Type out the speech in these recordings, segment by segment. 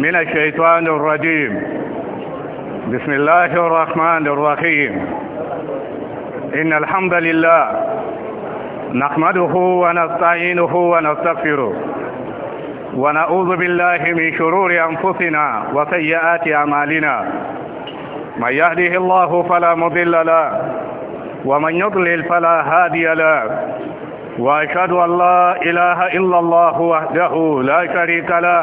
من الشيطان الرجيم بسم الله الرحمن الرحيم إن الحمد لله نحمده ونستعينه ونستغفره ونعوذ بالله من شرور أنفسنا وسيئات أعمالنا من يهده الله فلا مضل له ومن يضلل فلا هادي له وأشهد أن لا إله إلا الله وحده لا شريك له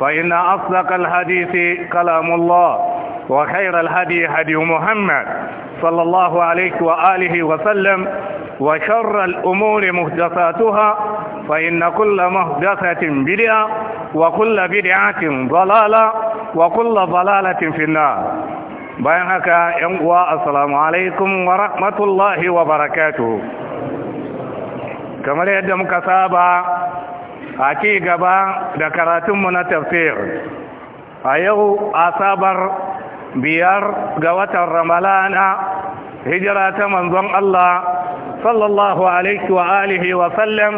فإن أصدق الحديث كلام الله وخير الهدي هدي محمد صلى الله عليه وآله وسلم وشر الأمور مهدساتها فإن كل مهدسة بدعة وكل بدعة ضلالة وكل ضلالة في النار بينك haka السلام عليكم ورحمة الله وبركاته كما ليدمك سابا a ci gaba da karatunmu na tafsir a yau asabar biyar ga watan ramalana hijira ta manzon Allah sallallahu alaihi wa alihi wa sallam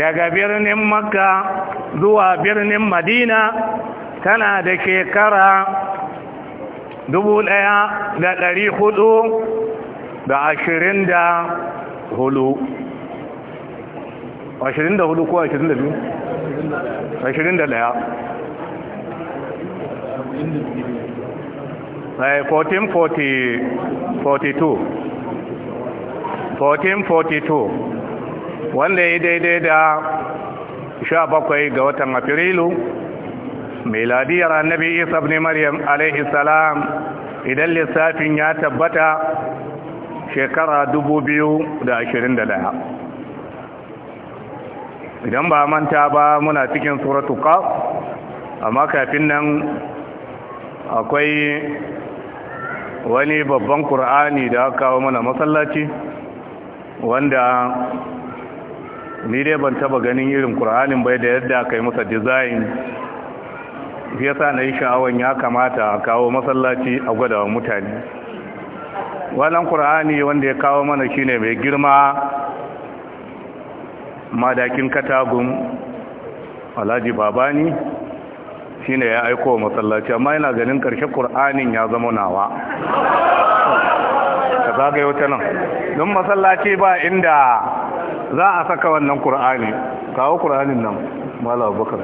daga birnin makka zuwa birnin madina tana da shekara dubu ɗaya da ɗari hudu da ashirin da hulu ashirin da hudu ko ashirin da biyu ashirin da 1442 eh, wanda ya daidai da sha bakwai ga watan afirilu miladiyar annabi isa ibn maryam alaihi salam idan lissafin ya tabbata shekara 2021 idan ba manta ba muna cikin suratu qaf amma kafin nan akwai wani babban qur'ani da aka kawo mana masallaci wanda ni dai ban taba ganin irin qur'anin bai da yadda aka yi masa design shi yasa na yi sha'awan ya kamata a kawo masallaci a gwada mutane wannan qur'ani wanda ya kawo mana shine mai girma madakin katagun alhaji babani shine ya aiko wa masallaci amma yana ganin karshe Kur'anin ya zama nawa ka zagaye wata nan don masallaci ba inda za a saka wannan Kur'ani. kawo Kur'anin nan mala abubakar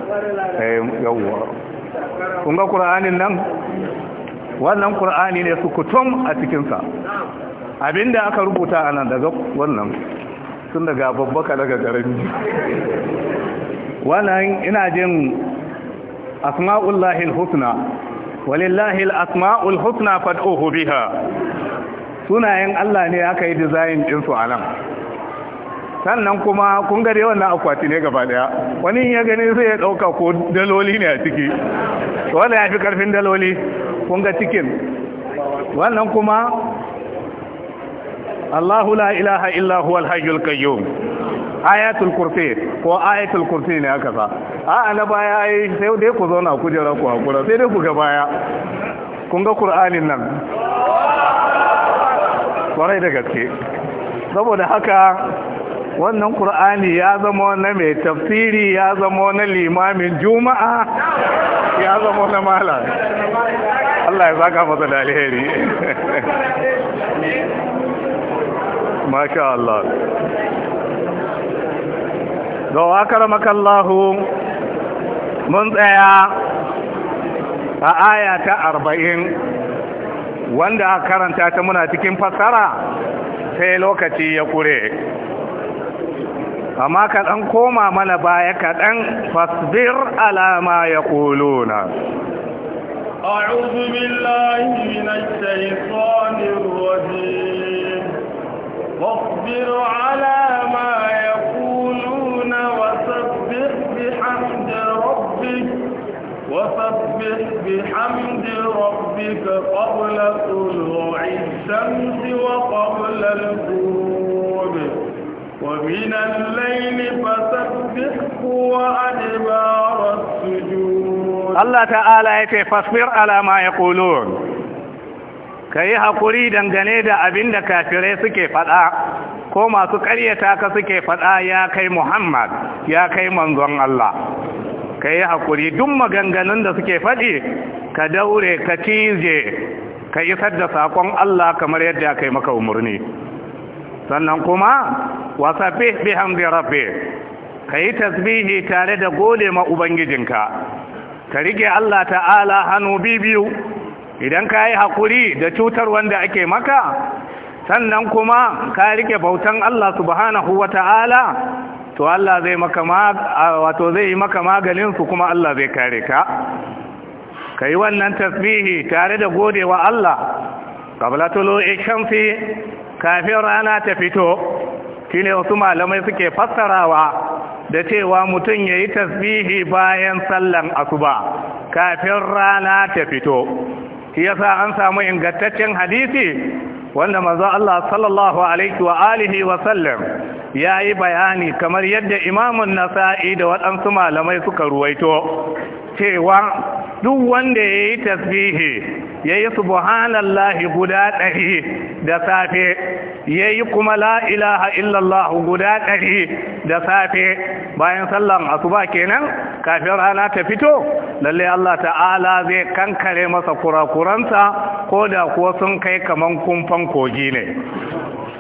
eh, yawwa kun ga Kur'anin nan wannan Kur'ani ne su kutum a cikinsa abinda aka rubuta a nan daga wannan tun daga babbaka daga karami wannan ina jin asma'ullahi alhusna walillahi alasma'ul husna fad'uhu biha sunayen Allah ne aka yi design din su anan sannan kuma kun gare wannan akwati ne gaba daya wani ya gani sai ya dauka ko daloli ne a ciki wanda ya fi karfin daloli kun ga cikin wannan kuma Allahu la ilaha illa huwal hayyul qayyum ayatul kursi ko ayatul kursi ne aka sa a na baya ai sai dai ku zauna ku jira ku hakura sai dai ku ga baya kun ga qur'anin nan kwarai da gaske saboda haka wannan qur'ani ya zama na mai tafsiri ya zama na limamin juma'a ya zama na malam Allah ya zaka masa da alheri masha Allah da akaramakallahu mun tsaya a aya ta arba'in wanda a karanta ta muna cikin fassara sai lokaci ya kure amma ka ɗan koma mana baya kaɗan fasbir alama ya kuluna أعوذ بالله من الشيطان الرجيم واصبر على ما يقولون وسبح بحمد ربك وسبح بحمد ربك قبل طلوع الشمس وقبل الغروب ومن الليل فسبحه وأدبار السجود الله تعالى يتفصبر على ما يقولون ka yi haƙuri dangane da abin da kafirai suke faɗa ko masu ƙaryata ka suke faɗa ya kai muhammad ya kai manzon Allah ka yi haƙuri duk maganganun da suke faɗi ka daure ka cije ka isar da sakon Allah kamar yadda ya kai maka umarni sannan kuma wasafi bihamdi rabbi ka yi tasbihi tare da gode ma ubangijinka ka rike Allah ta'ala hannu bibiyu idan ka yi haƙuri da cutar wanda ake maka sannan kuma ka rike bautan Allah subhanahu ta'ala to Allah zai maka wato zai yi maka maganin su kuma Allah zai kare ka kai wannan tasbihi tare da godewa Allah qabla tulu'i kafin rana ta fito shine wasu malamai suke fassarawa da cewa mutum yayi tasbihi bayan sallan asuba kafin rana ta fito shi yasa an samu ingantaccen hadisi wanda manzo Allah sallallahu alaihi wa alihi wa sallam ya yi bayani kamar yadda imamun nasa'i da waɗansu malamai suka ruwaito cewa duk wanda ya yi tasbihi ya yi subhanallahi guda ɗari da safe ya yi kuma la'ilaha illallah guda ɗari da safe bayan sallan asuba kenan kafin rana ta fito lalle Allah ta'ala zai kankare masa kurakuransa ko da kuwa sun kai kamar kumfan kogi ne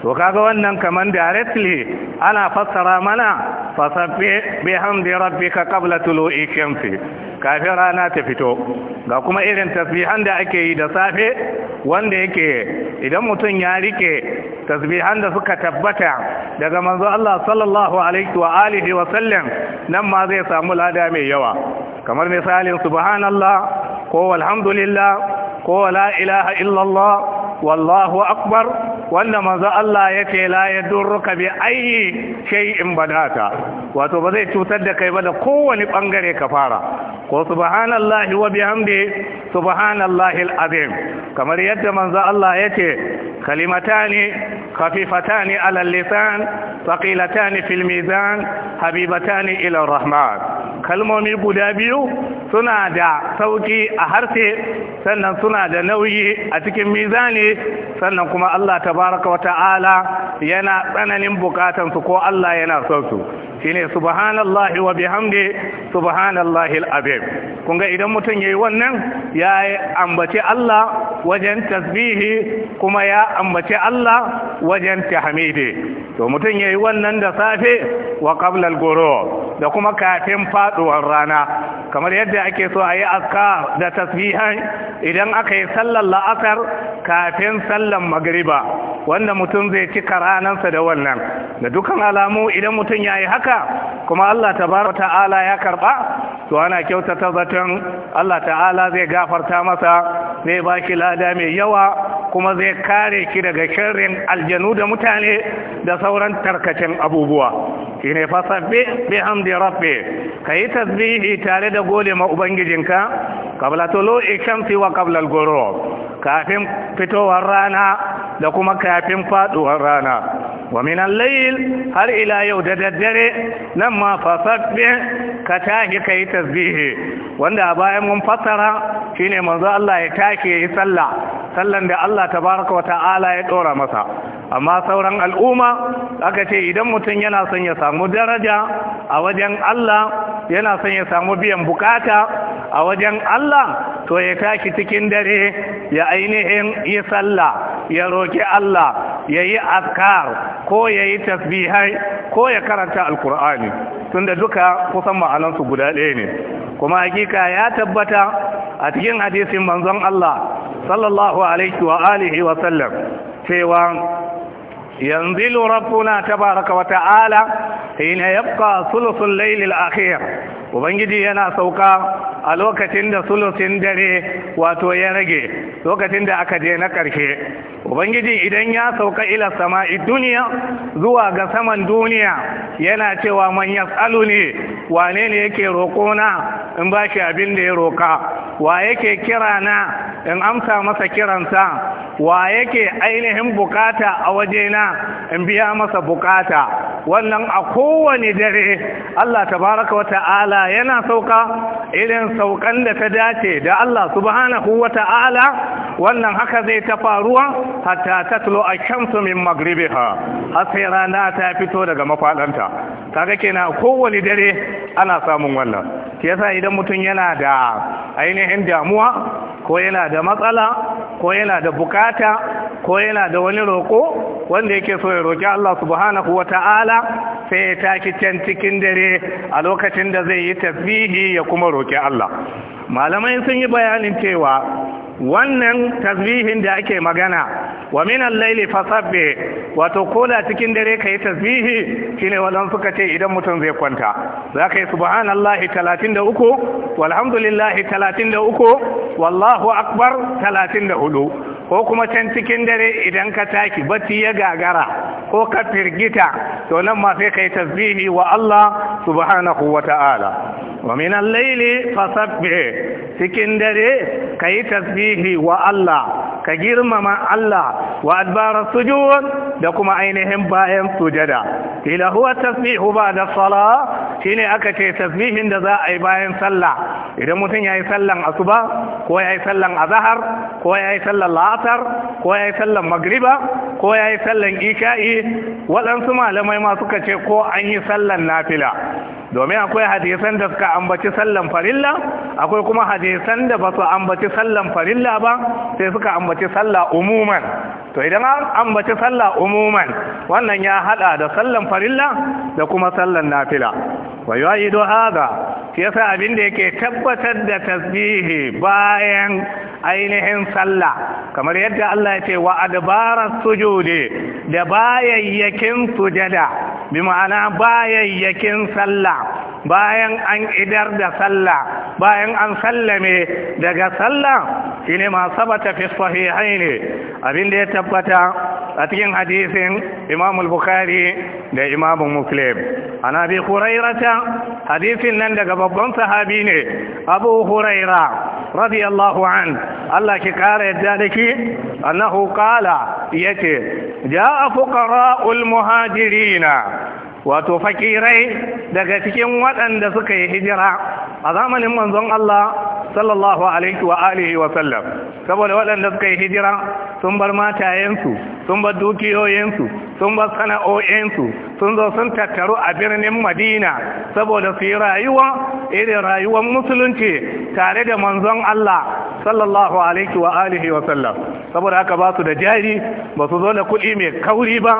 to kaga wannan kaman directly ana fassara mana fasabbi bihamdi rabbika qabla tulu'i shamsi kafin rana ta fito ga kuma irin tasbihan da ake yi da safe wanda yake idan mutum ya rike tasbihan da suka tabbata daga manzo Allah sallallahu alaihi wa alihi wa sallam nan ma zai samu lada mai yawa kamar misalin subhanallah ko alhamdulillah ko la ilaha illallah wallahu akbar wanda manzo Allah ya ce la yadurruka bi ayyi shay'in badata wato ba zai cutar da kai ba da kowane bangare ka fara ko subhanallahi wa bihamdi subhanallahi alazim kamar yadda manzo Allah ya ce kalimatani khafifatani ala lisan thaqilatani fil mizan habibatani ila rahman kalmomi guda biyu suna da sauki a harshe sannan suna da nauyi a cikin mizani sannan kuma Allah tabaraka wata'ala yana tsananin bukatansu ko Allah yana son su shine subhanallahi wa bihamdi subhanallahi al-azim kun Kunga idan mutum yayi wannan ya ambace Allah wajen tasbihi kuma ya ambace Allah wajen tahmidi to mutum yayi wannan da safe wa qabla goro da kuma kafin faduwar rana kamar yadda ake so ayi aska da tasbihan idan aka yi sallar la'asar kafin sallar magariba. wanda mutum zai cika ranansa da wannan da dukan alamu idan mutum ya yi haka kuma Allah ta'ala ya karba to ana kyautata zaton Allah ta'ala zai gafarta masa zai shi lada mai yawa kuma zai kare ki daga sharrin aljanu da mutane da sauran tarkacen abubuwa shine fasabbi bihamdi rabbi kai tasbihi tare da gole ma ubangijinka qabla tulu'i shamsi wa qabla al-ghurub kafin fitowar rana da kuma kafin faduwar rana wa min al-layl har ila yau da daddare ma fasabbi ka tashi kayi tasbihi wanda a bayan mun fassara shine manzo Allah ya tashi yayi sallah sallan da Allah tabaraka wa ta'ala ya dora masa amma sauran al'umma aka ce idan mutum yana son ya samu daraja a wajen Allah yana son ya samu biyan bukata a wajen Allah to ya tashi cikin dare ya ainihin yi sallah ya roki Allah ya yi askar, ko ya yi tasbihai ko ya karanta alkur'ani tunda duka kusan ma'anansu guda ɗaya ne kuma hakika ya tabbata a cikin hadisin manzon Allah sallallahu alaihi wa alihi wa sallam cewa ينزل ربنا تبارك وتعالى حين يبقى ثلث الليل الأخير ubangiji yana sauka a lokacin da sulusin dare wato ya rage lokacin da aka je na ƙarshe ubangiji idan ya sauka ila sama'i duniya zuwa ga saman duniya yana cewa manya tsalo ne wane ne yake roƙona in ba shi abin da ya roƙa wa yake kira na in amsa masa kiransa wa yake ainihin bukata a na in biya masa bukata wannan a kowane dare Allah tabaraka wa ta'ala yana sauka irin saukan da ta dace da Allah subhanahu wata'ala ta'ala wannan haka zai ta faruwa hatta tatlo a kyansu min magribiha har sai rana ta fito daga mafadanta kaga kenan kowane dare ana samun wannan ke yasa idan mutum yana da ainihin damuwa ko yana da matsala ko yana da bukata ko yana da wani roƙo wanda yake so ya roƙi Allah subhanahu wata'ala sai ya taki can cikin dare a lokacin da zai yi tasbihi ya kuma roƙi Allah malamai sun yi bayanin cewa wannan tasbihin da ake magana wa minan laili fasabbe wato kola cikin dare ka yi tasbihi shine wadan suka ce idan mutum zai kwanta za ka yi subhanallahi 33 walhamdulillahi 33 wallahu akbar 34 ko kuma can cikin dare idan ka taki bati ya gagara ko ka firgita to nan ma sai yi tasbihi wa Allah subhanahu wa ta'ala wa minan laili layli cikin dare yi tasbihi tasbihi wa Allah ka girmama Allah wa adbara sujud da kuma ainihin bayan sujada ila huwa tasbihu ba'da salah shine aka ce tasbihin da za a yi bayan sallah idan mutum yayi sallan asuba ko yayi sallan azhar ko yayi sallan la'asar ko yayi sallan magriba ko yayi sallan isha'i waɗansu malamai ma suka ce ko an yi sallan nafila domin akwai hadisan da suka ambaci sallan farilla akwai kuma hadisan da ba su ambaci sallan farilla ba sai suka ambaci salla umuman to idan an ambaci salla umuman wannan ya hada da sallan farilla da kuma sallan nafila wa yu'idu hadha yasa abin da yake tabbatar da tasbihi bayan ainihin sallah kamar yadda Allah ya ce wa adbaras sujudi da bayayyakin sujada bi ma'ana bayayyakin sallah bayan an idar da sallah bayan an sallame daga sallah shine ma sabata fi sahihaini abin da ya tabbata a cikin hadisin Imam al-Bukhari da Imam Muslim ana bi Hurairata hadisin nan daga babban sahabi ne Abu Huraira radiyallahu an Allah ki kara yadda ki? annahu kala yace jaa fuqara'ul muhajirina wato fakirai daga cikin waɗanda suka yi hijira a zamanin manzon Allah sallallahu alaihi wa alihi wa sallam saboda waɗanda suka yi hijira sun bar matayensu sun bar dukiyoyinsu sun bar sana'o'insu sun zo sun tattaru a birnin Madina saboda su yi rayuwa irin rayuwar musulunci tare da manzon Allah sallallahu alaihi wa alihi wa sallam saboda haka ba su da jari ba su zo da kuɗi mai kauri ba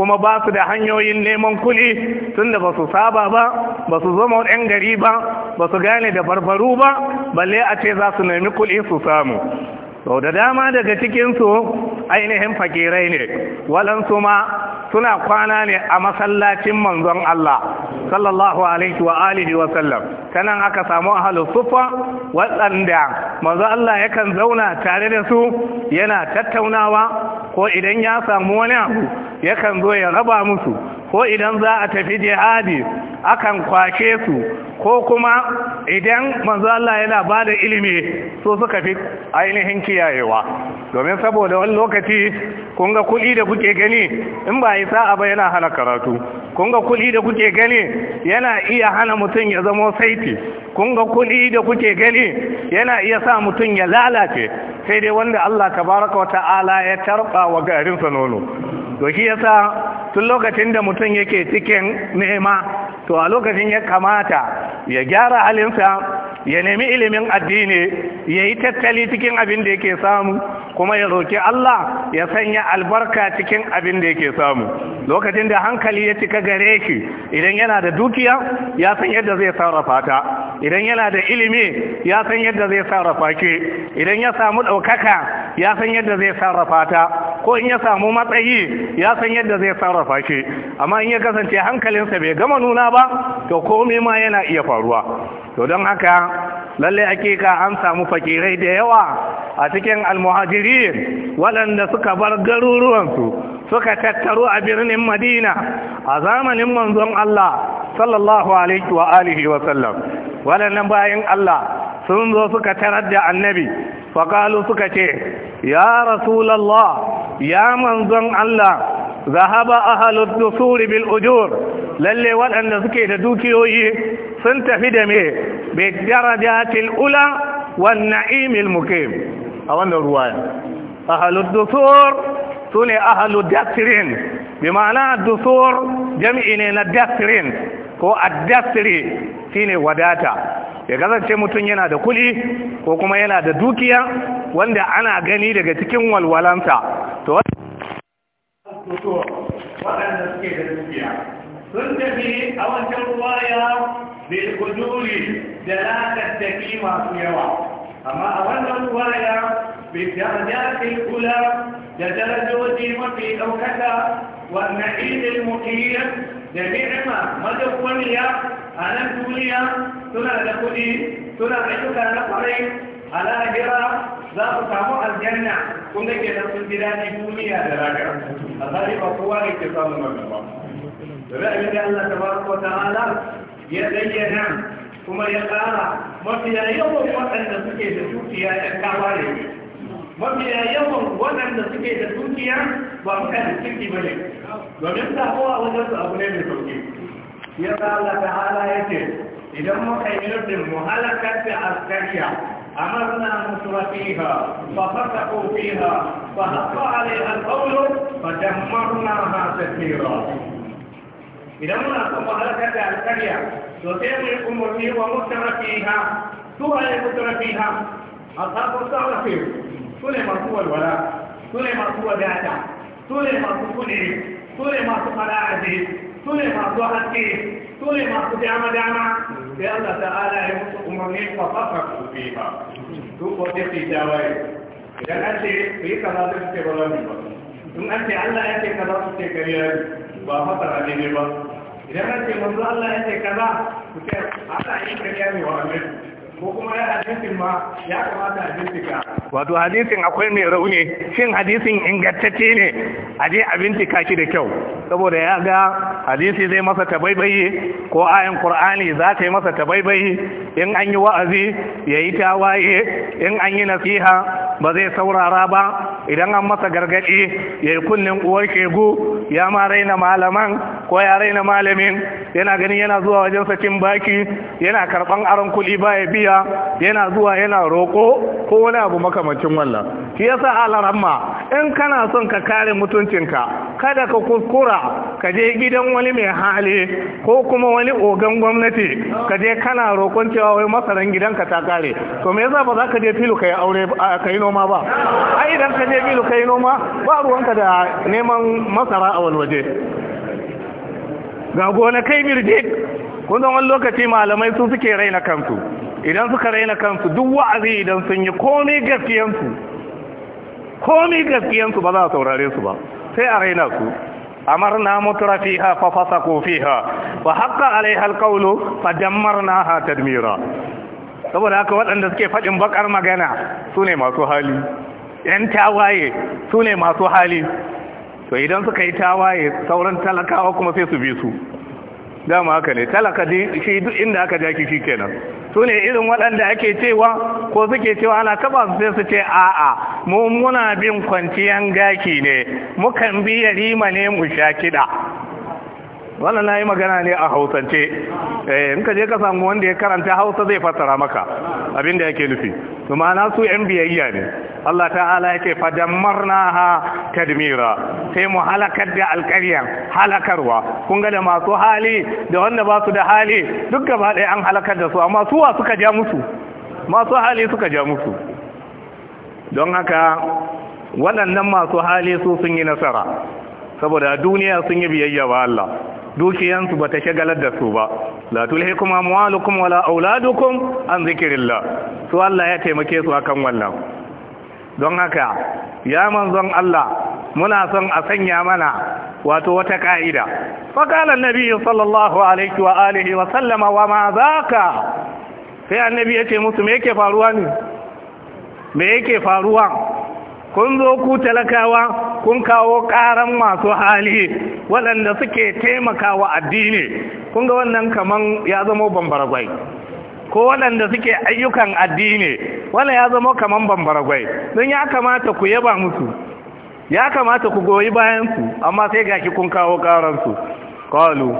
kuma ba su da hanyoyin neman kuɗi tunda ba su saba ba ba su zama yan gari ba ba su gane da barbaru ba balle a ce za su nemi kuɗi su samu sau da dama daga cikinsu ainihin fakirai ne waɗansu ma suna kwana ne a masallacin manzon Allah sallallahu alaihi wa alihi wa sallam kanan aka samu ahlus sufa waɗanda manzon Allah yakan zauna tare da su yana tattaunawa ko idan ya samu wani abu yakan zo ya raba musu ko idan za a tafi jihadi akan kwace su ko kuma idan manzo yana ba da ilimi so suka fi ainihin kiyayewa domin saboda wani lokaci kun ga kuɗi da kuke gani in ba yi sa'a ba yana hana karatu kunga ga kuɗi da kuke gani yana iya hana mutum ya zama saiti kun ga kuɗi da kuke gani yana iya sa mutum ya lalace sai dai wanda Allah tabaraka wa ta'ala ya tarba wa garinsa nono to shi yasa tun lokacin da mutum yake cikin nema to a lokacin ya kamata ya gyara halinsa ya nemi ilimin addini ya yi tattali cikin abin da yake samu kuma ya roƙi Allah ya sanya albarka cikin abin da yake samu lokacin da hankali ya cika gare shi idan yana da dukiya ya san yadda zai sarrafa ta idan yana da ilimi ya san yadda zai sarrafa ki idan ya samu ɗaukaka ya san yadda zai sarrafa ta ko in ya samu matsayi ya san yadda zai sarrafa shi amma in ya kasance hankalinsa bai gama nuna ba to komai ma yana iya faruwa to don haka lalle hakika an samu fakirai da yawa a cikin almuhajirin waɗanda suka bar garuruwansu suka tattaru a birnin madina a zamanin manzon Allah sallallahu alaihi wa alihi wa sallam waɗannan bayan Allah sun zo suka tarar da annabi Fakalu suka ce ya rasulallah ya manzon Allah zahaba ahalud dusuri bil ujur lalle waɗanda suke da dukiyoyi sun tafi da me bi darajatil ula wan imil muqim a wannan ruwaya ahalud dusur sune ahalud dakrin bi ma'ana dusur jami'i ne na dakrin ko addasri shine wadata ya kasance mutum yana da kuli ko kuma yana da dukiya wanda ana gani daga cikin walwalansa to الخطوط وأن نسكيد المبيع تنتهي أو أنت الرواية دلالة تكيمة في الواقع أما أولا الرواية بالدرجات الأولى لدرجة وزيمة في أوكتا والنعيد المقيم جميع ما مدى قولي أنا قولي ثم لدخلي ثم لدخلي a lahira za su samu aljanna kuma ke da sun ji daɗi duniya da ragar a zari ba kowa ne ke samun wannan ba da abin da Allah ta ba baraka ta'ala ya zayyana kuma ya ƙara mafiya yawan waɗanda suke da dukiya ya kawa ne mafiya yawan waɗanda suke da dukiya ba mu kan kirki ba ne domin ta kowa wajen su abu ne mai sauki ya Allah ta'ala ya ce idan muka yi nufin mu ta da askariya أمرنا نسر فيها ففتقوا فيها فحق عليها القول فدمرناها تدميرا إذا منا ثم هلكت القرية وسيم أمري ومسر فيها سوى يمسر فيها أصحاب السعر سنة مرفوع الولاء سنة مرفوع ذاتا سنة مرفوع كله سنة مرفوع العزيز su ne masu haske su ne masu dama dama sai Allah ta'ala ya musu umarni fa fa fa ku fi ba su ko ta fi jawaye idan an ce ku yi kaza da suke ba zan ba in an ce Allah ya ce kaza su ce kariya ba fasara ne ba idan an ce manzo Allah ya ce kaza ku ce Allah ya yi kariya ne wa annabi wato hadisin akwai mai rauni shin hadisin ingantacce ne a je abin tika shi da kyau saboda ya ga hadisi zai masa tabaibayi ko ayin ƙur'ani za ta yi masa tabaibayi in an yi wa'azi ya yi tawaye in an yi nasiha ba zai saurara ba idan an masa gargaɗi ya yi kunnen uwar kegu ya ma raina malaman ko ya raina malamin yana ganin yana zuwa wajen sakin baki yana karɓan aron kuɗi ba ya biya yana zuwa yana roƙo ko wani abu makamancin wallan shi yasa alaramma in kana son ka kare mutuncinka kada ka kuskura ka je gidan wani mai hali ko kuma wani ogan gwamnati ka je kana roƙon cewa wai masaran gidanka ta kare to me yasa ba za ka je filo ka yi aure ka yi noma ba a idan ka je bilu kai noma ba ruwanka da neman masara a wani waje. ga gona kai birjik kun wani lokaci malamai su suke raina kansu idan suka raina kansu duk wa'azi idan sun yi komi gaskiyansu komai gaskiyansu ba za a saurare su ba sai a raina su ko ha ba haka alai halkaulo fa jammar na ha tadmira. saboda haka waɗanda suke faɗin bakar magana su ne masu hali ‘yan tawaye su ne masu hali to idan suka yi tawaye sauran talakawa kuma sai su bi su dama haka ne talaka shi duk inda aka jaki shi kenan su ne irin waɗanda ake cewa ko suke cewa ana taba su sai su ce a'a mu muna bin kwanciyan gaki ne mukan bi yarima ne mu sha kiɗa wannan na yi magana ne a hausance eh, in ka je ka samu wanda ya karanta hausa zai fassara maka abin da yake nufi su ma'ana su yan biyayya ne Allah ta'ala yake fadammar na ha tadmira sai mu halakar da alƙaryar halakarwa kun ga da masu hali da wanda ba su da hali duk gaba ɗaya an halakar da su amma wa suka ja musu masu hali suka ja musu don haka waɗannan masu hali su sun yi nasara saboda duniya sun yi biyayya ba Allah dukiyansu ba ta shagalar da su ba la kuma amwalukum wala auladukum an zikrillah su Allah ya taimake su akan wannan don haka ya manzon Allah muna son a sanya mana wato wata ka'ida faqala an-nabi sallallahu alaihi wa alihi wa sallama wa ma ka. sai annabi ya ce musu me yake faruwa ne me yake faruwa kun zo ku talakawa kun kawo ƙaran masu hali waɗanda suke taimakawa addini kun ga wannan kaman ya zama bambaragwai ko waɗanda suke ayyukan addini wannan ya zama kaman bambaragwai don ya kamata ku yaba musu ya kamata ku goyi bayansu amma sai gashi kun kawo ƙaransu kalu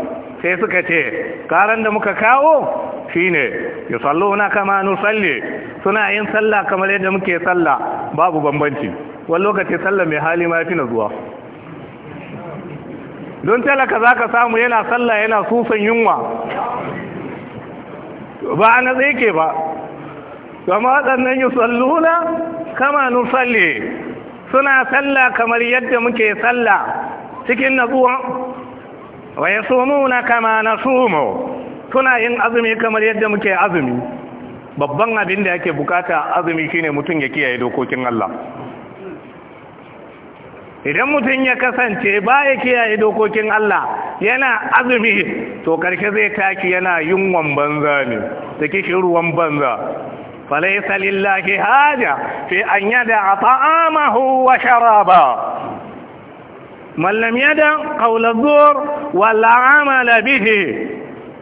sai suka ce karan da muka kawo shine na kama salli suna yin sallah kamar yadda muke sallah babu bambanci wani lokaci sallah mai hali ma fi na zuwa don talaka za zaka samu yana sallah yana susan yunwa ba a na tsaye ke ba kama waɗannan na kama salli suna sallah kamar yadda muke sallah cikin natsuwa wa na kama nasumu suna yin azumi kamar yadda muke azumi babban abin da yake bukata azumi shine mutum ya kiyaye dokokin Allah idan mutum ya kasance ba ya kiyaye dokokin Allah yana azumi to karshe zai taki yana yunwan banza ne da shiruwan banza falaisa lillahi haja fi an yada ta'amahu wa sharaba man ya da qawla zur wala bihi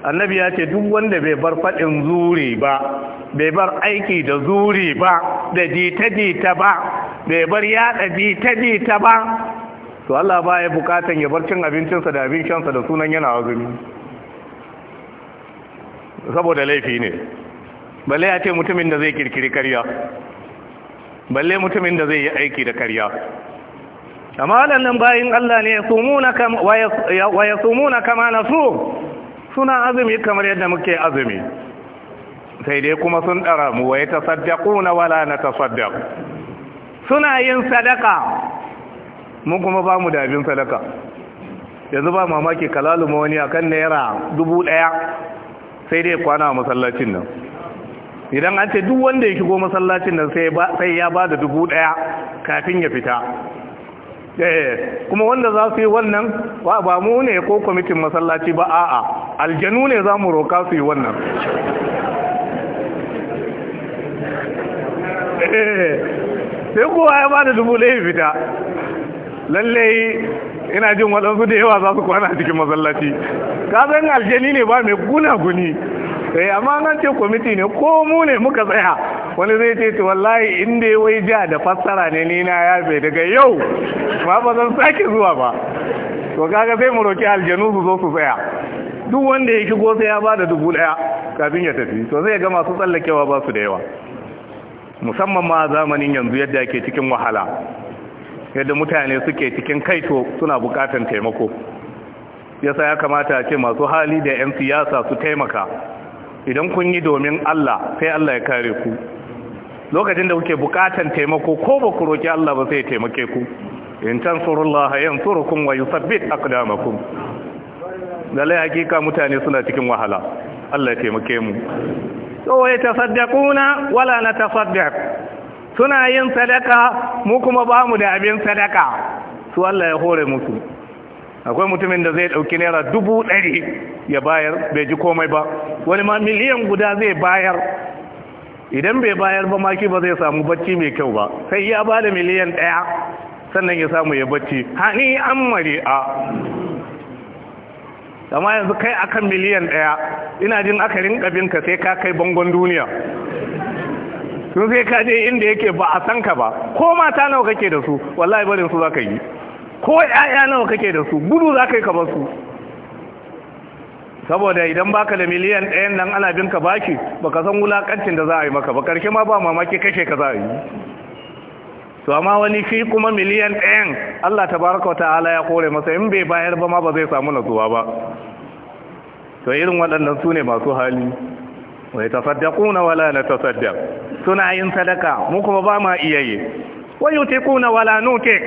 annabi ya ce duk wanda bai bar faɗin zuri ba bai bar aiki da zuri ba da jita jita ba bai bar yada jita jita ba to Allah ba ya bukatan ya bar cin abincinsa da abin da sunan yana azumi saboda laifi ne balle ya ce mutumin da zai kirkiri karya balle mutumin da zai yi aiki da karya kama waɗannan bayin Allah ne wa ya sumuna kama na su suna azumi kamar yadda muke azumi sai dai kuma sun ɗara mu wa ya tasaddaku na wala na tasaddaq suna yin sadaka mun kuma ba mu dabin sadaka yanzu ba mamaki kalaluma wani kan naira dubu ɗaya sai dai kwana a masallacin nan idan an ce duk wanda ya shigo masallacin nan sai ya ba da dubu ɗaya kafin ya fita Eh, kuma wanda za su yi wannan ba mu ne ko kwamitin masallaci ba a aljanu ne za mu roka su yi wannan eh, sai kowa ya ba da dubu ɗaya fita lallai ina jin waɗansu da yawa za su kwana cikin masallaci ka san aljani ne ba mai guna guni sai eh, amma nan ce kwamiti ne ko mu ne muka tsaya wani zai ce ta wallahi in ya wai ja da fassara ne ni na yafe daga yau ma ba zan sake zuwa ba to kaga zai mu roki aljanu su zo su tsaya duk wanda ya shigo sai ya ba da dubu daya kafin ya tafi to zai ga masu tsallakewa ba su da yawa musamman ma zamanin yanzu yadda ake cikin wahala yadda mutane suke cikin kaito suna bukatan taimako yasa ya kamata a ce masu hali da 'yan siyasa su taimaka idan kun yi domin Allah sai Allah ya kare ku lokacin da kuke bukatan taimako ko ba ku roki Allah ba sai taimake ku in tansurullaha yansurukum wa yuthabbit aqdamakum dalai hakika mutane suna cikin wahala Allah ya taimake mu so yatasaddaquna wala natasaddaq suna yin sadaka mu kuma ba mu da abin sadaka su Allah ya hore musu akwai mutumin da zai dauki naira dubu ɗari ya bayar bai ji komai ba wani ma miliyan guda zai bayar idan bai bayar ba maki ba zai samu bacci mai kyau ba sai ya ba da miliyan ɗaya sannan ya samu ya bacci hani an a amma yanzu kai akan miliyan ɗaya ina jin aka rinka binka sai ka kai bangon duniya sun sai ka je inda yake ba a san ka ba ko mata nawa kake da su wallahi barin su za ka yi ko 'ya'ya nawa kake da su gudu za ka yi ka su saboda idan baka da miliyan ɗayan nan ana bin ka baki baka san wulakancin da za a yi maka ba karshe ma ba mamaki kashe ka za a yi to amma wani shi kuma miliyan ɗayan Allah tabaraka ta'ala ya kore masa in bai bayar ba ma ba zai samu nutsuwa ba to irin waɗannan su ne masu hali wai tasaddaquna wala natasaddaq suna yin sadaka mu kuma ba ma iya yi wai yutiquna wala nutik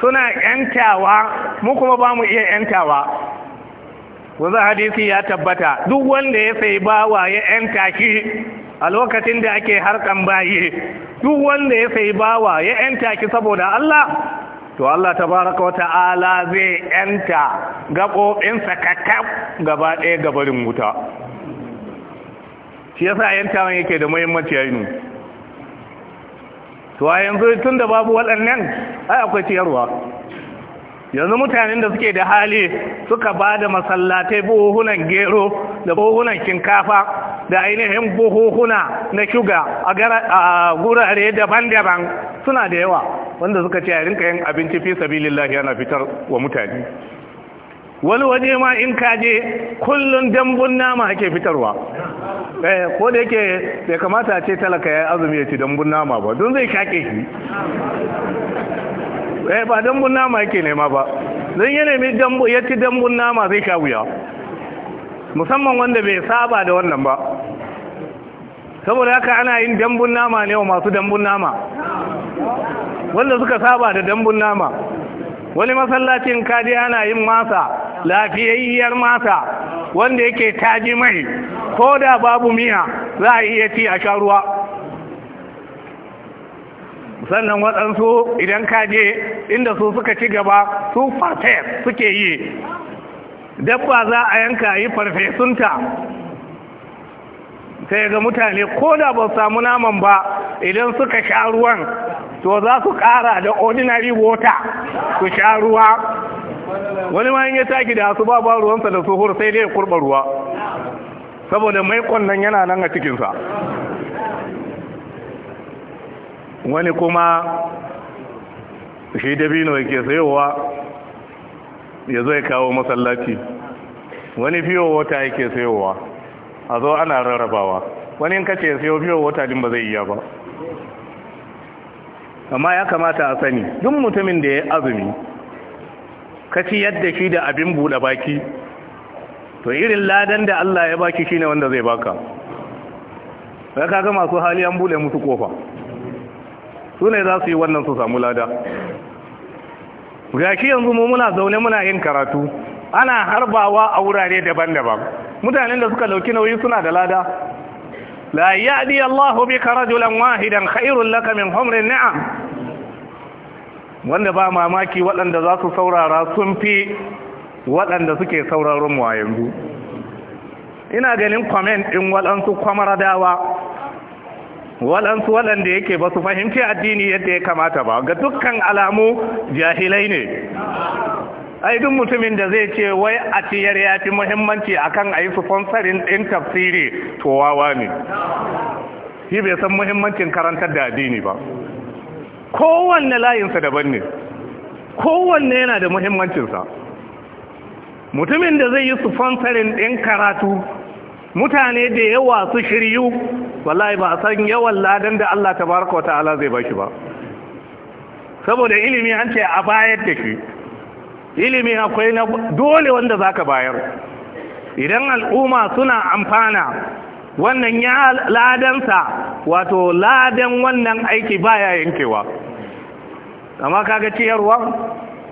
suna yantawa mu kuma ba mu iya yantawa wanzu hadisi ya tabbata duk wanda ya sai bawa ya yanta shi a lokacin da ake harkan bayi duk wanda ya sai bawa ya yanta shi saboda Allah to Allah tabaraka wata'ala zai yanta gaɓoɓinsa kakaf gaba ɗaya gabarin wuta shi yasa yantawan yake da muhimmanci yayin to a yanzu tun da babu waɗannan ai akwai ciyarwa yanzu mutanen da suke da hali suka ba da masallatai buhunan gero da buhunan kinkafa da ainihin buhuhuna na shuga a gurare daban-daban suna da yawa wanda suka ce a kayan yin abinci fi sabilillahi yana fitar wa mutane wani waje ma in kaje kullun dambun nama ake fitarwa eh ko da yake bai kamata ce talaka ya azumi ya ci dambun nama ba don zai shake shi eh ba dambun nama yake nema ba zan yi nemi dambu ya ci dambun nama zai sha wuya musamman wanda bai saba da wannan ba saboda haka ana yin dambun nama ne wa masu dambun nama wanda suka saba da dambun nama wani masallacin kaji ana yin masa lafiyayyar masa wanda yake taji mai ko da babu miya za a iya ci a sha ruwa sannan waɗansu idan ka inda su suka ci gaba su farfes suke yi dabba za a yanka yi farfesunta sai ga mutane ko da ba samu naman ba idan suka sha ruwan to za su ƙara da ordinary water su sha ruwa wani ma ya ta da su ba ba ruwansa da suhur sai dai ya kurɓa ruwa saboda maikon nan yana nan a cikinsa wani kuma shi dabino yake sayowa ya zai kawo masallaci wani fiyo wata yake sayowa a zo ana rarrabawa wani in kace sayo fiyo wata din ba zai iya ba amma ya kamata a sani duk mutumin da ya azumi kaci yadda shi da abin buɗe baki to irin ladan da Allah ya baki shine wanda zai baka ka ga masu hali an buɗe musu kofa su ne za su yi wannan su samu lada gashi yanzu mu muna zaune muna yin karatu ana harbawa a wurare daban-daban mutanen da suka dauki nauyi suna da lada la ya'di Allahu bika rajulan wahidan khairul laka min humrin wanda ba mamaki waɗanda za su saurara sun fi waɗanda suke sauraron mu a yanzu ina ganin comment din waɗansu kwamaradawa waɗansu waɗanda yake ba su fahimci addini yadda ya kamata ba ga dukkan alamu jahilai ne ai duk mutumin da zai ce wai a ciyar ya fi muhimmanci akan a yi fonsarin ɗin tafsiri to wawa ne shi bai san muhimmancin karantar da addini ba kowanne layinsa daban ne kowanne yana da muhimmancinsa mutumin da zai yi fonsarin ɗin karatu mutane da yawa su shiryu wallahi ba san yawan ladan da Allah tabaraka wa ta'ala zai bashi ba saboda ilimi an ce a bayar da shi ilimi akwai na dole wanda zaka bayar idan al'umma suna amfana wannan ya ladansa wato ladan wannan aiki baya yankewa amma kaga ciyarwa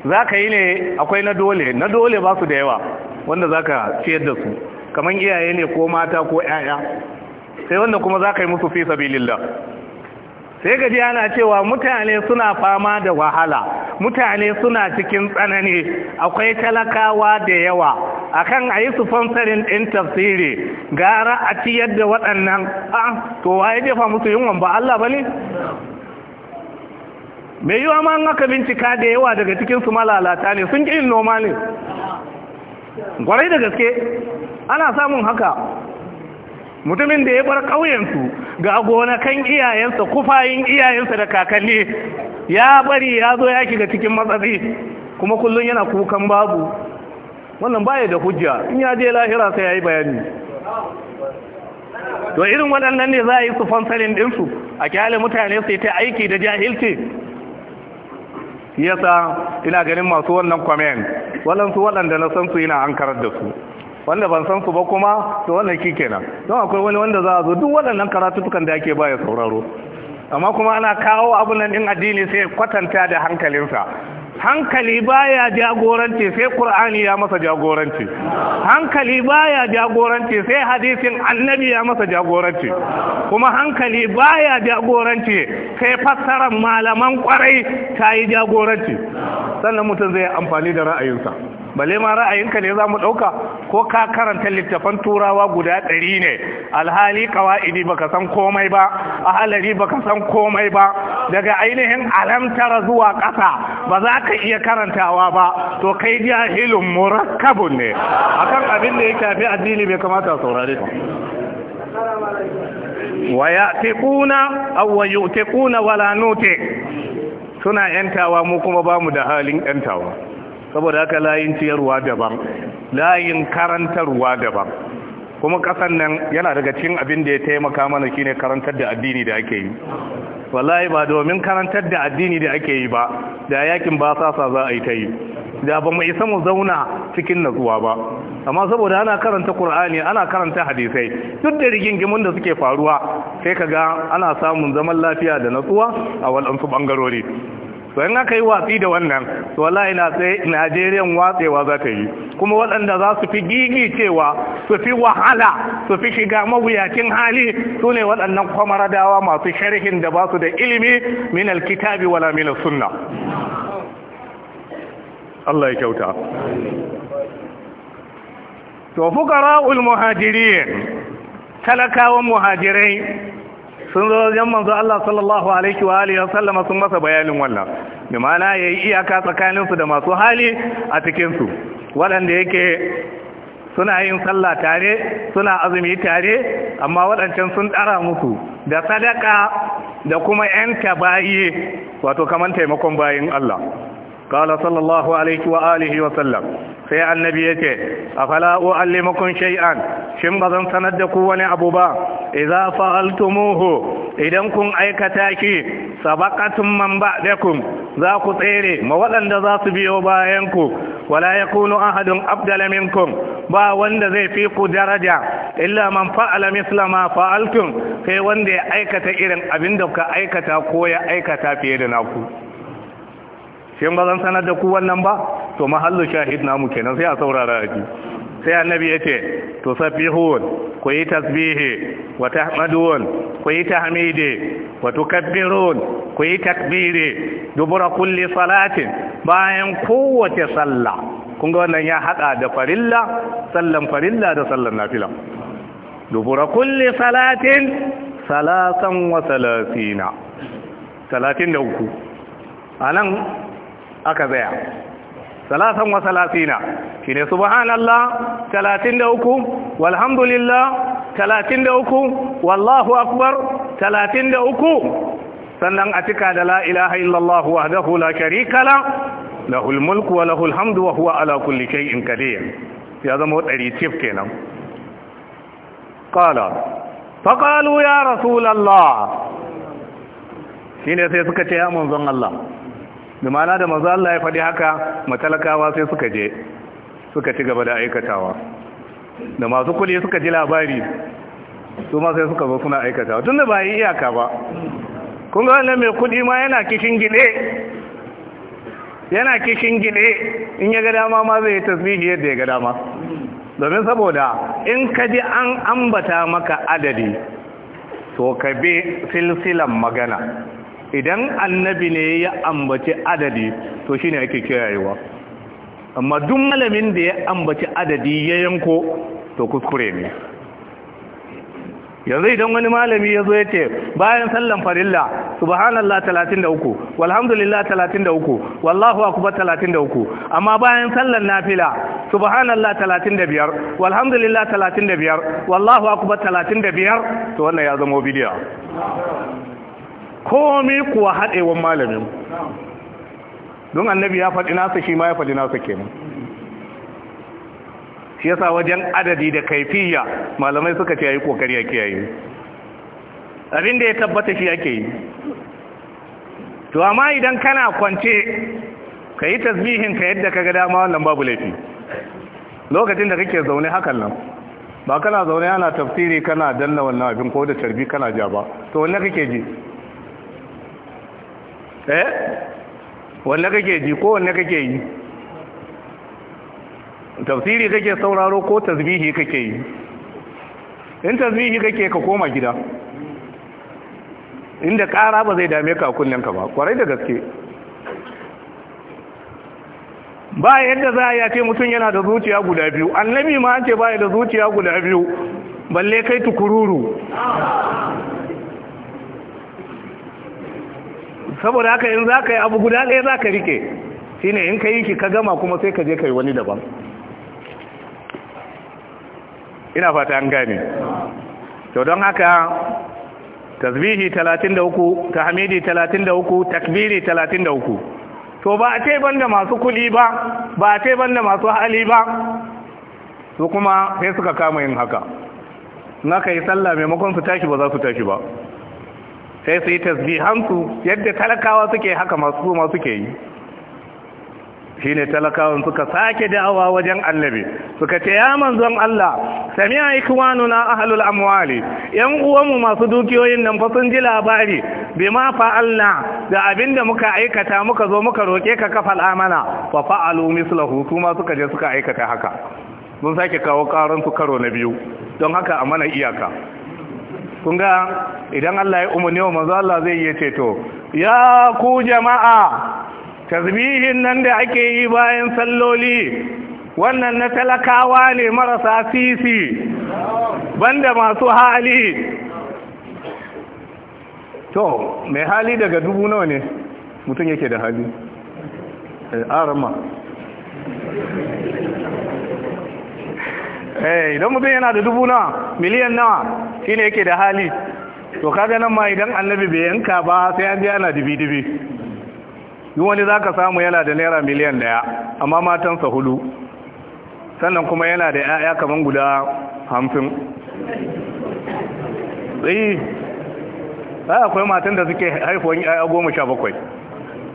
zaka yi ne akwai na dole na dole ba su da yawa wanda zaka ciyar da su kamar iyaye ne ko mata ko 'ya'ya sai wanda kuma za ka yi musu fi sabilillah sai gaji ana cewa mutane suna fama da wahala mutane suna cikin tsanani akwai talakawa da yawa akan a yi fansarin ɗin tafsiri gara a ciyar da waɗannan a ah, to wa ya jefa musu yunwan ba Allah ba ne mai yiwa ma'an aka bincika da yawa daga cikin su malalata ne sun ƙi yin noma ne gwarai da gaske ana samun haka mutumin da ya bar ƙauyensu ga gonakan iyayensa kufayin iyayensa da kakanni ya bari ya zo ya shiga cikin matsari kuma kullum yana kukan babu wannan baya da hujja in ya je lahira sai ya yi bayani to irin waɗannan ne za a yi su fansalin ɗinsu a kyale mutane sai ta aiki da jahilci yasa ina ganin masu wannan comment walansu waɗanda na san su ina ankarar da su wanda ban san su ba kuma to wannan ki kenan don akwai wani wanda za a zo duk waɗannan karatutukan da ake baya sauraro amma kuma ana kawo abun nan din addini sai kwatanta da hankalinsa hankali baya jagoranci sai ƙur'ani ya masa jagoranci hankali baya jagoranci sai hadisin annabi ya masa jagoranci kuma hankali baya jagoranci sai fassarar malaman kwarai ta yi jagoranci sannan mutum zai amfani da ra'ayinsa bale ma ra'ayinka ne za mu ɗauka ko ka karanta littafan turawa guda ɗari ne alhali kawa'idi baka san komai ba halari baka san komai ba daga ainihin alamtara zuwa ƙasa ba za ka iya karantawa ba to kai jahilun murakkabun ne akan abin da ya kafi addini bai kamata saurare ka wa ya'tiquna aw yu'tiquna wala nuti suna yantawa mu kuma ba mu da halin yantawa saboda haka layin ciyarwa daban layin karantarwa daban kuma kasan nan yana daga cikin abin da ya taimaka mana shine karantar da addini da ake yi wallahi ba domin karantar da addini da ake yi ba da yakin ba sasa za a yi ta yi da ba mu isa mu zauna cikin natsuwa ba amma saboda ana karanta Kur'ani ana karanta hadisai duk da rigingimun da suke faruwa sai kaga ana samun zaman lafiya da natsuwa a waɗansu bangarori to aka yi watsi da wannan to wallahi na sai Najeriyan watsewa za ta yi kuma waɗanda za su fi gigi cewa su fi wahala su fi shiga mawuyacin hali su ne waɗannan kwamaradawa masu sharhin da ba su da ilimi min alkitabi wala min sunna Allah ya kyauta to fuqara'ul muhajirin talakawan muhajirai sun zo wajen manzo Allah sallallahu alaihi wa alihi wasallam sun masa bayanin wannan bi ma'ana yayi iyaka tsakanin su da masu hali a cikin su waɗanda yake suna yin sallah tare suna azumi tare amma wadancan sun ɗara musu da sadaka da kuma 'yan tabayi wato kaman taimakon bayin Allah qala sallallahu alaihi wa alihi wa sallam sai annabi yace afala uallimukum shay'an shin bazan sanar da ku wani abu ba idza muhu idan kun aikata ki sabakatun man ba'dakum za ku tsere ma waɗanda za su biyo bayan ku wala yakunu ahadun afdala ba wanda zai fi ku daraja illa man fa'ala misla ma sai wanda ya aikata irin abin da ka aikata ko ya aikata fiye da naku sai ba zan sanar da ku wannan ba to mahallu shahid namu kenan sai a saurara a sai annabi ya ce to safihun ku yi tasbihi wa tahmadun ku yi tahmidi wa tukabbirun ku yi takbiri dubura kulli salatin bayan kowace sallah kun ga wannan ya hada da farilla sallan farilla da sallan nafila dubura kulli salatin salatan wa salasina salatin da uku anan aka zaya salasan wa salasina shi ne subhanallah talatin da uku walhamdulillah talatin da uku wallahu akbar talatin da uku sannan a cika da la ilaha illallah wahdahu la sharika la lahul mulku wa lahul hamdu wa huwa ala kulli shay'in qadir ya zama dari chief kenan qala fa qalu ya rasulullah shine sai suka ce ya manzon Allah da mana da maza Allah ya faɗi haka matalakawa sai suka je suka ci gaba da aikatawa da masu kuɗi suka ji labari su ma sai suka zo suna aikatawa tun da ba yi iyaka ba kun ga wannan mai kuɗi ma yana kishin gide yana kishin gide in ya ga dama ma zai yi tasbihi yadda ya ga dama domin saboda in ka ji an ambata maka adadi to ka bi silsilan magana idan annabi ne ya ambaci adadi to shine ake kiyayewa amma duk malamin da ya ambaci adadi ya yanko to kuskure ne yanzu idan wani malami ya zo ya ce bayan sallan farilla subhanallah 33 walhamdulillah 33 wallahu akbar 33 amma bayan sallan nafila subhanallah 35 walhamdulillah 35 wallahu akbar 35 to wannan ya zama bidiya komi kuwa haɗewan malamin don annabi ya faɗi nasa shi ma ya faɗi nasa kenan shi yasa wajen adadi da kaifiya malamai suka ce yi kokari ya kiyaye abin da ya tabbata shi yake yi to amma idan kana kwance ka yi tasbihin ka yadda ka ga dama wannan babu laifi lokacin da kake zaune hakan nan ba kana zaune ana tafsiri kana danna wannan abin ko da tarbi kana ja ba to wannan kake ji eh wanne kake ji ko wanne kake yi tafsiri kake sauraro ko tasbihi kake yi in tasbihi kake ka koma gida inda ƙara ba zai dame ka kunnen ka ba kwarai da gaske ba yadda za a yi ce mutum yana da zuciya guda biyu annabi ma an ce ba da zuciya guda biyu balle kai tukururu saboda haka in za ka yi abu guda ɗaya za ka rike shine in ka yi shi ka gama kuma sai ka je ka yi wani daban ina fata an gane to don haka tasbihi 33 tahmidi 33 takbiri 33 to ba a ce banda masu kuli ba ba a ce banda masu hali ba su kuma sai suka kama yin haka na ka yi sallah maimakon su tashi ba za su tashi ba sai su yi tasbihansu yadda talakawa suke haka masu kuma suke yi shi ne talakawan suka sake da'awa wajen allabi suka ce ya manzon Allah sami a ikwanuna ahalul amwali yan uwanmu masu dukiyoyin nan sun ji labari bi ma fa'alna da abinda muka aikata muka zo muka roke ka kafal amana fa fa'alu mislahu kuma suka je suka aikata haka mun sake kawo karon su karo na biyu don haka a mana iyaka kun ga idan Allah ya umune wa manzo Allah zai yi ceto ya ku jama'a tasbihin nan da ake yi bayan salloli wannan na talakawa ne marasa sisi banda masu hali to mai hali daga dubu nawa ne mutum yake da hali eh, arama eh idan mutum yana da dubu nawa miliyan nawa Shi ne yake da hali to kaga nan ma idan annabi bai yanka ba sai an je ana dibi-dibi yi wani za ka samu yana da naira miliyan daya amma matansa hudu sannan kuma yana da ya'ya kaman guda hamsin tsayi akwai matan da suke haifuwan ya'ya goma sha bakwai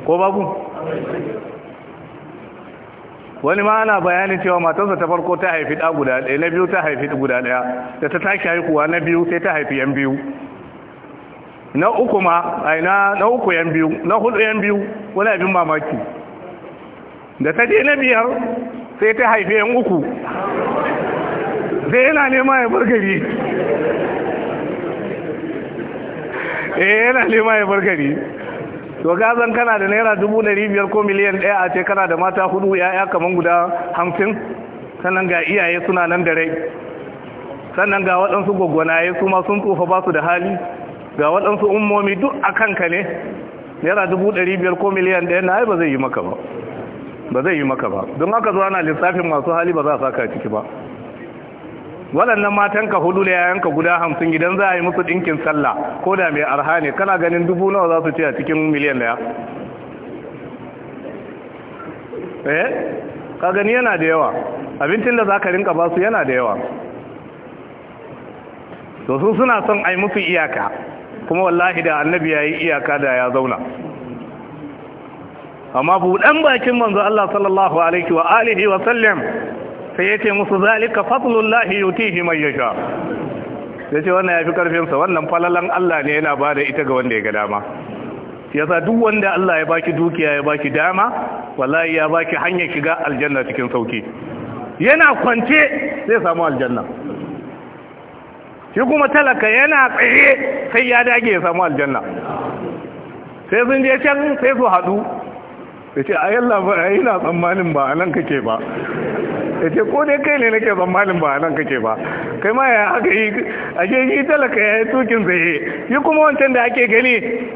ko babu wani ma ana bayanin cewa matarsa ta farko ta haifi ɗa guda ɗaya na biyu ta haifi guda ɗaya da ta tashi haikuwa na biyu sai ta haifi yan biyu na uku ma aina na uku yan biyu na hudu yan biyu wani abin mamaki da ta je na biyar sai ta haifi yan uku sai yana nema ya bar gari eh yana nema ya bar gari to ka zan kana da naira dubu ɗari biyar ko miliyan ɗaya a ce kana da mata hudu ya'ya kamar guda hamsin sannan ga iyaye suna nan da rai sannan ga waɗansu gwaggwanaye su ma sun tsofa ba su da hali ga waɗansu ummomi duk a kanka ne naira dubu ɗari biyar ko miliyan ɗaya na ba zai yi maka ba ba zai yi maka ba don haka zuwa na lissafin masu hali ba za a saka ciki ba waɗannan matan ka hudu da yayan ka guda hamsin idan za a yi musu ɗinkin sallah ko da mai arha ne kana ganin dubu nawa za su ce a cikin miliyan daya eh ka gani yana da yawa abincin da za ka rinka basu yana da yawa to su suna son a yi musu iyaka kuma wallahi da annabi ya yi iyaka da ya zauna amma buɗan bakin manzo Allah sallallahu alaihi wa alihi wa sallam sai ce musu zalika fadlullahi yutihi man yasha yace wannan yafi karfin sa wannan falalan Allah ne yana bada ita ga wanda ya ga dama yasa duk wanda Allah ya baki dukiya ya baki dama wallahi ya baki hanyar shiga aljanna cikin sauki yana kwance zai samu aljanna shi kuma talaka yana tsaye sai ya dage ya samu aljanna sai sun je can sai su haɗu Ya ce a ba a tsammanin ba a nan kake ba ya ce ko dai kai ne nake tsammanin ba nan kake ba kai ma ya haka yi a ke shi talaka ya yi tukin tsaye yi kuma wancan da ake gani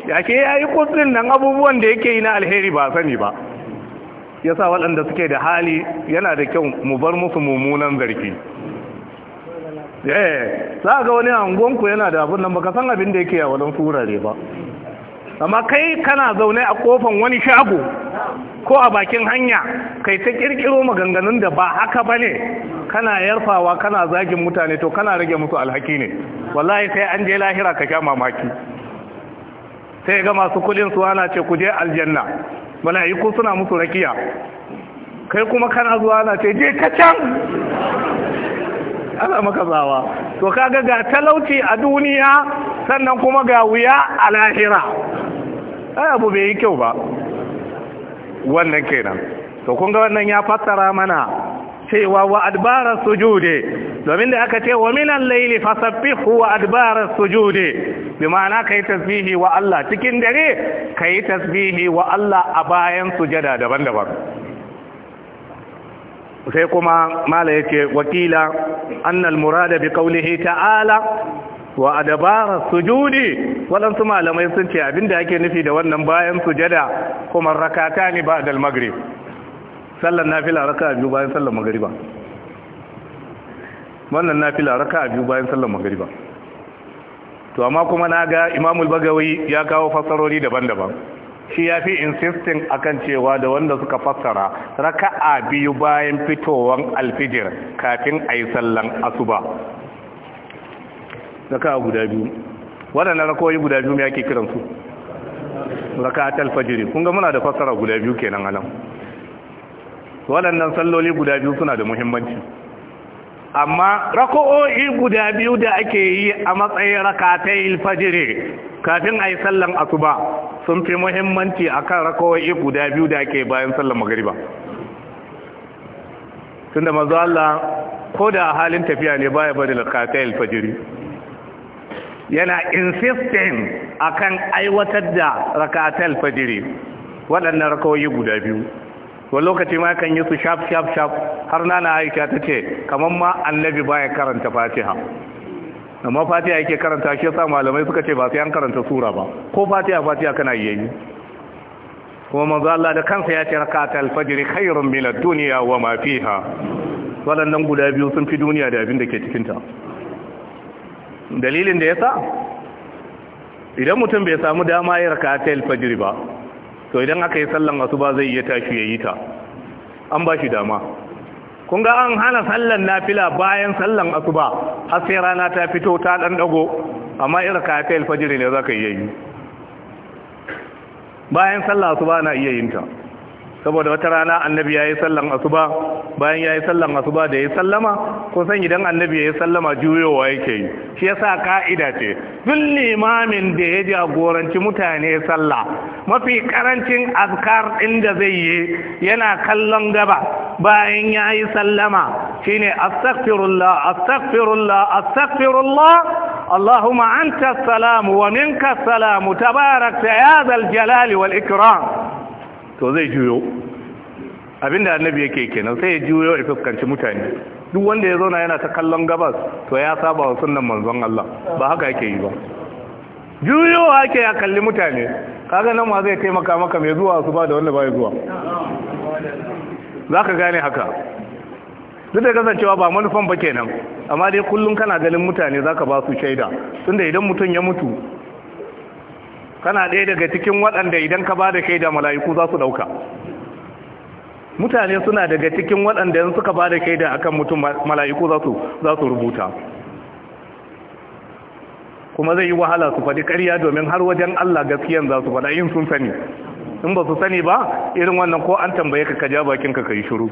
ya ke ya yi kusurin nan abubuwan da yake yi na alheri ba sani ba ya sa waɗanda suke da hali yana da kyau mu bar musu mummunan zargi eh, za ga wani angonku yana da abin nan baka san abin da yake a wadansu wurare ba amma kai kana zaune a kofan wani shago ko a bakin hanya kai ta kirkiro maganganun da ba haka ba ne kana yarfawa kana zagin mutane to kana rage musu alhaki ne wallahi sai an je lahira ka sha mamaki sai ga masu kudin su ana ce ku je aljanna mala'iku suna musu rakiya kai kuma kana zuwa ana ce je ka can ana maka zawa to kaga ga talauci a duniya sannan kuma ga wuya a lahira ai abu bai yi kyau ba wannan kenan to kun ga wannan ya fassara mana cewa wa adbara sujude domin da aka ce wa minan laili fasabbihu wa adbara sujude bi ma'ana kai tasbihi wa Allah cikin dare kai tasbihi wa Allah a bayan sujada daban-daban sai kuma mala yake wakila annal murada bi qawlihi ta'ala wa adabara sujudi waɗansu malamai sun ce abinda ake nufi da wannan bayan sujada kuma rakata ne ba dal magrib sallan nafila raka biyu bayan sallan magriba wannan nafila raka biyu bayan sallan magriba to amma kuma na ga imamul bagawi ya kawo fassarori daban-daban shi ya fi insisting akan cewa da wanda suka fassara raka'a biyu bayan fitowan alfijir kafin a yi sallan asuba raka guda biyu waɗannan rakoyi guda biyu ya ke kiransu raka ta alfajiri kun ga muna da fassara guda biyu kenan anan waɗannan salloli guda biyu suna da muhimmanci amma rako'o'i guda biyu da ake yi a matsayin rakatai alfajiri kafin a yi sallan asuba sun fi muhimmanci a kan rako'o'i guda biyu da ake bayan sallan magariba tunda manzo Allah ko da halin tafiya ne baya bada rakatai alfajiri yana a akan aiwatar da rakatar fajiri waɗannan rakawoyi guda biyu wani lokaci ma kan yi su shaf shaf shaf har nana aisha ta ce kamar ma annabi baya karanta fatiha amma fatiha yake karanta shi yasa malamai suka ce ba sai an karanta sura ba ko fatiha fatiha kana yi kuma manzo Allah da kansa ya ce rakatal fajiri khairun min ad-dunya wa ma fiha waɗannan guda biyu sun fi duniya da abin da ke cikinta dalilin da ya sa idan mutum bai samu dama ya raka ta alfajiri ba to idan aka yi sallan asuba zai iya tashi ya yi ta an ba shi dama kun ga an hana sallan nafila bayan sallan asuba har sai rana ta fito ta dan dago amma irin ka ta alfajiri ne zaka iya yi bayan sallan asuba na iya yin ta saboda wata rana annabi ya yi sallan asuba bayan ya yi sallan asuba da ya yi sallama kusan idan annabi ya yi sallama juyowa yake yi shi ya sa ka'ida ce duk limamin da ya jagoranci mutane sallah mafi karancin askar inda zai yi yana kallon gaba bayan ya yi sallama shine astaghfirullah astaghfirullah astaghfirullah Allahumma anta salamu wa minka salamu tabarakta ya zal jalali wal ikram to zai juyo abinda annabi yake kenan sai ya juyo ya fuskanci mutane duk wanda ya zauna yana ta kallon gabas to ya saba wa sunnan manzon Allah ba haka yake yi ba juyo ake ya kalli mutane kaga nan ma zai taimaka maka mai zuwa su ba da wanda ba zuwa zaka gane haka duk da kasancewa ba manufan ba kenan amma dai kullun kana ganin mutane zaka ba su shaida tunda idan mutum ya mutu kana ɗaya daga cikin waɗanda idan ka ba da shaida mala'iku za su ɗauka mutane suna daga cikin waɗanda yanzu suka ba da shaida akan mutum mala'iku za su rubuta kuma zai yi wahala su faɗi ƙarya domin har wajen Allah gaskiyan za su faɗa yin sun sani in ba su sani ba irin wannan ko an tambaye ka kaja bakin ka kai shiru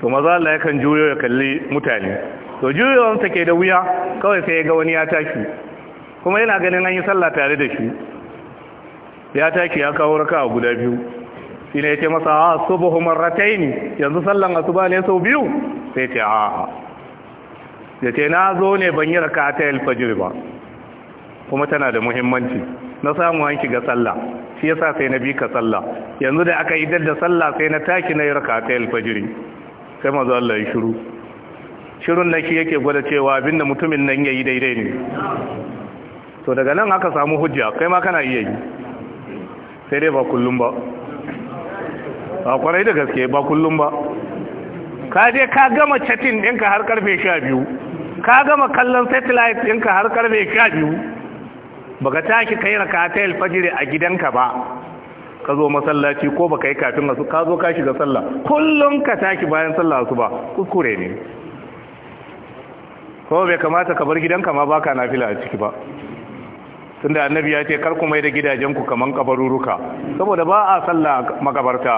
to maza Allah yakan juyo ya kalli mutane to wansa ke da wuya kawai sai ya ga wani ya tashi kuma yana ganin an yi sallah tare da shi ya take ya kawo raka guda biyu shi ne ya ce masa a ah, subuhu marrataini yanzu sallan asuba ne sau biyu sai ce a ya ce na zo ne ban yi raka ta alfajir ba kuma tana da muhimmanci na samu an ga sallah shi yasa sai na bi ka sallah yanzu da aka idar da sallah sai na taki na yi raka ta alfajir sai mazu Allah ya shiru shirun nake yake gwada cewa abinda mutumin nan yayi daidai ne to daga nan aka samu hujja kai ma kana iya yi sai dai ba kullum ba ba kwarai da gaske ba kullum ba ka je ka gama chatin ɗinka har karfe sha biyu ka gama kallon satellite ɗinka har karfe sha biyu baka tashi kai raka ta alfajiri a gidanka ba ka zo masallaci ko baka yi kafin su ka zo ka shiga sallah kullum ka tashi bayan sallah su ba kuskure ne ko bai kamata ka bar gidanka ma baka nafila a ciki ba tunda annabi ya ce kar ku mai da gidajenku kaman kabaruruka saboda ba a sallah magabarta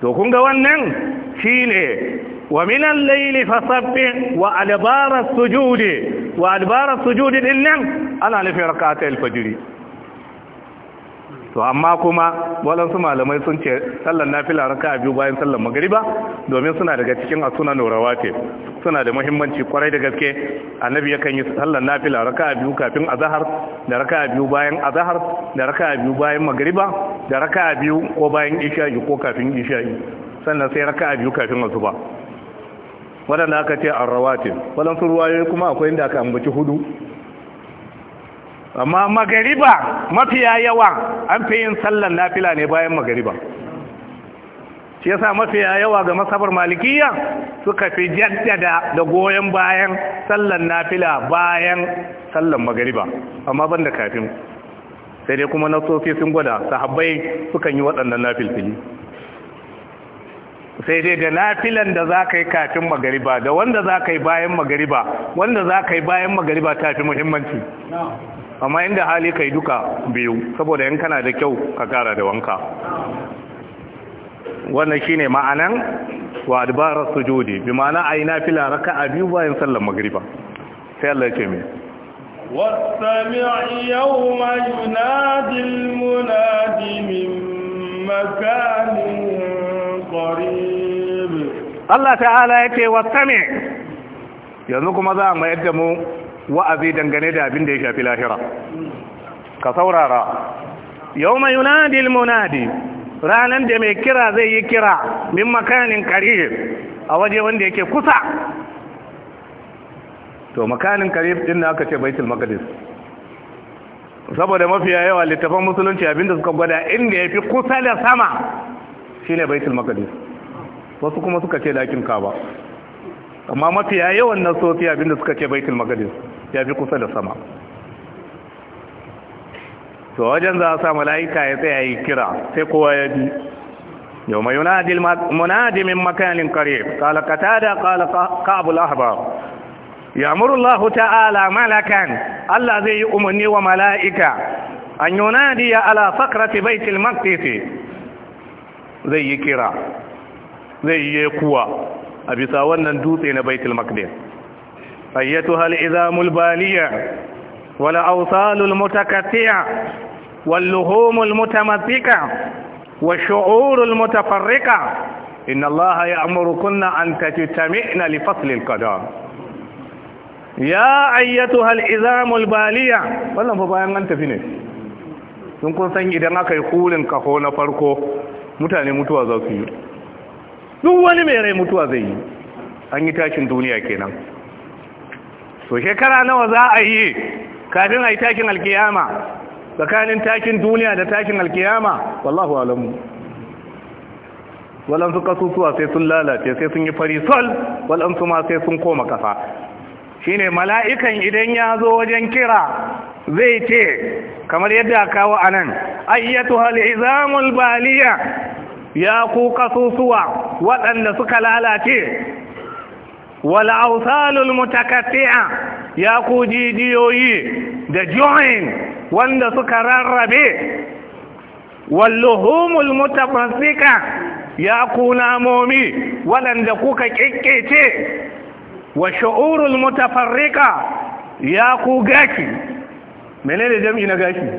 to kun ga wannan shine wa minan al-layli wa adbara sujudi wa adbara as-sujudi dinnan ana nufin rak'atul fajr to amma kuma waɗansu malamai sun ce sallan nafila raka a biyu bayan sallan magariba domin suna daga cikin asuna norawa ce suna da muhimmanci kwarai da gaske annabi yakan yi sallan nafila raka a biyu kafin azahar da raka a biyu bayan azahar da raka a biyu bayan magariba da raka a biyu ko bayan isha'i ko kafin isha'i sannan sai raka a biyu kafin azuba waɗanda aka ce an walan waɗansu ruwayoyi kuma akwai inda aka ambaci hudu amma magariba mafiya yawa an fi yin sallan nafila ne bayan magariba shi yasa mafiya yawa ga masabar malikiya suka fi jaddada da goyon bayan sallan nafila bayan sallan magariba amma banda kafin sai dai kuma nasofi sun gwada sahabbai sukan yi waɗannan nafilfili sai dai da nafilan da za ka yi kafin magariba da wanda za ka yi bayan magariba wanda za ka yi bayan magariba ta fi muhimmanci amma inda hali kai duka biyu saboda yan kana da kyau ka kara da wanka wannan shine ma'anan wa adbara sujudi bi ma'ana ayi nafila raka'a biyu bayan sallar magriba sai Allah ya ce mai واستمع yawma ينادي المنادي min makanin قريب Allah ta'ala yake واستمع yanzu kuma za mu mayar da mu wa'azi dangane da abin da ya shafi lahira ka saurara yau mai yunadi munadi ranar da mai kira zai yi kira min makanin karib a waje wanda yake kusa to makanin karib din da aka ce baitul maqdis saboda mafiya yawa littafan musulunci abinda suka gwada inda ya fi kusa da sama shine baitul maqdis wasu kuma suka ce lakin kaba amma mafiya yawan nasosi abinda suka ce baitul maqdis ya fi kusa da sama to wajen za a sa mala'ika ya tsaya yi kira sai kowa ya bi yau mai yunadi min makanin kare qatada qala kalakabul ahbar ya amuru allah ta'ala malakan Allah zai yi umarni wa mala'ika an yunadi ya ala fakrati baitul maqdis zai yi kira zai yi kuwa a bisa wannan dutse na baitul maqdis ayyatuha al-izamul baliya wal awsalul mutakatti'a wal luhumul mutamassika والشعور المتفرقة إن الله يأمركن أن تجتمعن لفصل القضاء يا أيتها الإزام baliya. wannan fa bayan an tafi ne sun kun san idan aka yi kulin kaho na farko mutane mutuwa za su yi duk wani mai rai mutuwa zai yi an yi tashin duniya kenan So shekara nawa za a yi kafin a yi tashin alkiyama tsakanin tashin duniya da tashin alkiyama wallahu alamu walansu kasusuwa sai sun lalace sai sun yi fari sol walansu ma sai sun koma kasa ne mala'ikan idan ya zo wajen kira zai ce kamar yadda kawo anan ayyatu halizamul baliya ya kuka susuwa waɗanda suka lalace wal awsalul mutakatti'a ya ku jijiyoyi da join wanda suka rarrabe wal luhumul ya ku namomi waɗanda kuka kikkece wa shu'urul mutafarrika ya ku menene jam'i na gashi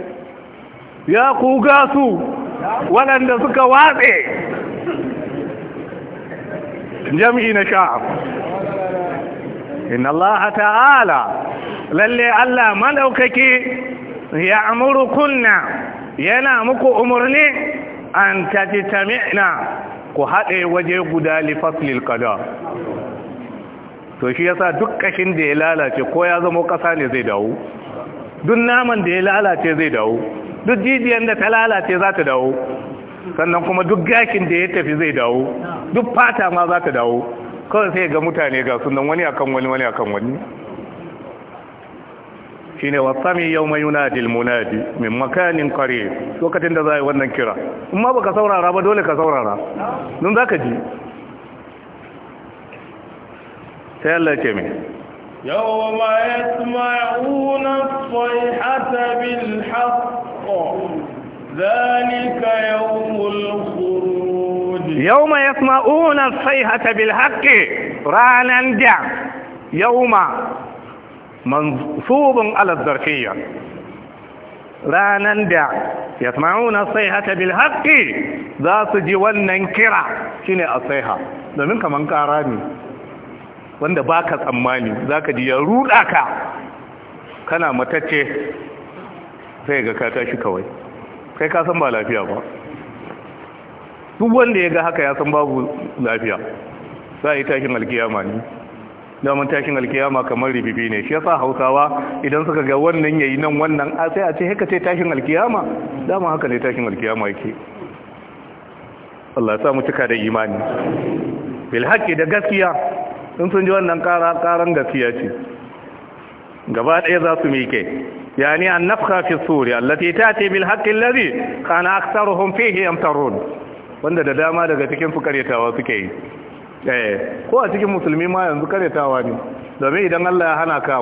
ya ku gasu waɗanda suka watse jami'i na sha'af inna allaha ta'ala lalle allah maɗaukaki ya amuru kunna yana muku umarni an tamina ku haɗe waje guda li faslil qada to shi yasa duk ƙashin da ya lalace ko ya zama ƙasa ne zai dawo duk naman da ya lalace zai dawo duk jijiyar da ta lalace za ta dawo sannan kuma duk gakin da ya tafi zai dawo duk fata ma za ta dawo kawai sai ga mutane ga sunan wani akan wani wani akan wani Shi shine wasami yawma yunadi munadi min makanin qarib lokacin da za a yi wannan kira ba ka saurara ba dole ka saurara za ka ji sai Allah ce mai yawma unan as hata bil haqq الحق ذلك يوم الخروج يوم يسمعون الصيحة بالحق رانا دع يوم منصوب على الظرفية رانا دع يسمعون الصيحة بالحق ذات جوانا كرا شنو الصيحة ده منك من كاراني wanda baka tsammani zaka ji ya ruda ka kana matacce sai ga ka tashi kawai kai ka san ba lafiya ba duk wanda ya ga haka ya san babu lafiya za a yi tashin alkiyama ne daman tashin alkiyama kamar ribibi ne shi yasa hausawa idan suka ga wannan yayi nan wannan a sai a ce haka ce tashin alkiyama dama haka ne tashin alkiyama yake Allah ya sa mu cika da imani bil haqqi da gaskiya in sun ji wannan ƙara ƙaran gaskiya ce gaba ɗaya za su mike يعني النفخة في الصور التي تأتي بالحق الذي كان أكثرهم فيه يمترون wanda da dama daga cikin su karyatawa suke yi ko a cikin musulmi ma yanzu karyatawa ne domin idan Allah ya hana ka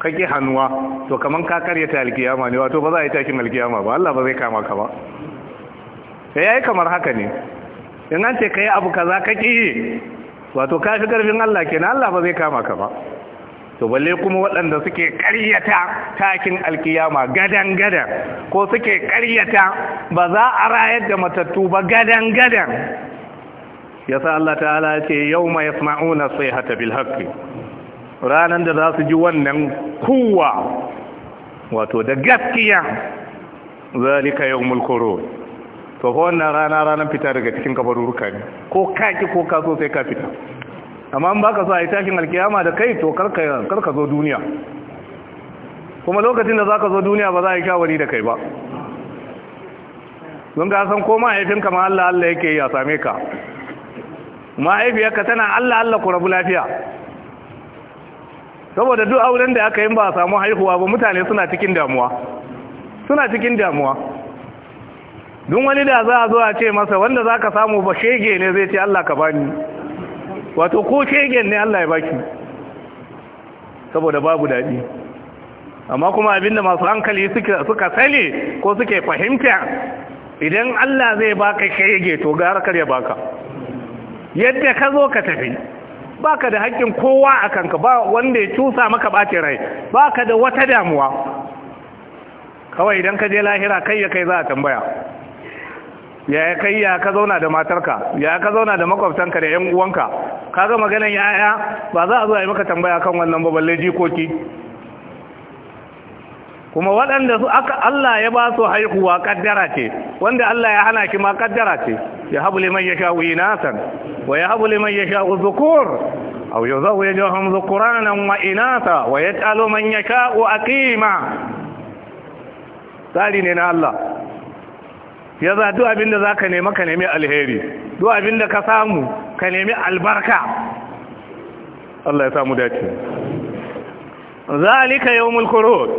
kake hannuwa to kaman ka karyata alkiyama ne wato ba za a yi takin alkiyama ba Allah ba zai kama ka ba sai yayi kamar haka ne in an ce kai abu kaza kake yi wato ka fi garbin Allah kenan Allah ba zai kama ka ba to balle kuma waɗanda suke ƙaryata takin alkiyama gadan gadan ko suke ƙaryata ba za a rayar da matattu ba gadan gadan yasa Allah ta'ala ce mai yasma'una sai bil haqqi ranan da za su ji wannan kuwa wato da gaskiya zalika yawmul qurur to fa wannan rana ranar fita daga cikin kabarurruka ne ko kaki ko kaso sai ka fita amma ba baka so a yi tashin alkiyama da kai to karka zo duniya kuma lokacin da za ka zo duniya ba za a yi shawari da kai ba don ga san ko mahaifinka ma Allah Allah yake yi a same ka mahaifiyarka tana Allah Allah ku rabu lafiya saboda duk auren da aka yi ba a samu haihuwa ba mutane suna cikin damuwa suna cikin damuwa don wani da za a zo a ce masa wanda za ka samu ba shege ne zai ce Allah ka bani wato ko shegen ne Allah ya baki saboda babu daɗi amma kuma abinda masu hankali suka sani ko suke fahimta idan Allah zai baka shege to gara kar ya baka yadda ka zo ka tafi baka da haƙƙin kowa a kanka ba wanda ya cusa maka ɓace rai baka da wata damuwa kawai idan ka je lahira kai ya kai za a tambaya ya kai ya ka zauna da matarka ya ka zauna da makwabtanka da 'yan uwanka kaga maganan yaya ba za a zo a yi maka tambaya kan wannan ba jikoki kuma waɗanda su aka Allah ya ba su haihuwa kaddara ce wanda Allah ya hana shi ma kaddara ce ya habu liman yasha'u inasan wa ya habu liman yasha'u dhukur aw yuzawwijuhum dhukuranan wa inatha wa yaj'alu man yasha'u aqima tsari ne na Allah ya za duk abinda za ka nema ka nemi alheri duk abinda ka samu ka nemi albarka Allah ya samu dace zalika yawmul khurud